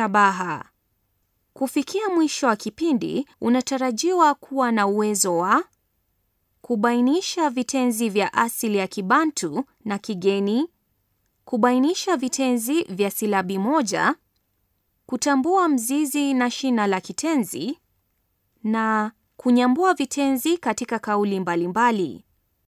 Shabaha: kufikia mwisho wa kipindi, unatarajiwa kuwa na uwezo wa: kubainisha vitenzi vya asili ya Kibantu na kigeni, kubainisha vitenzi vya silabi moja, kutambua mzizi na shina la kitenzi, na kunyambua vitenzi katika kauli mbalimbali.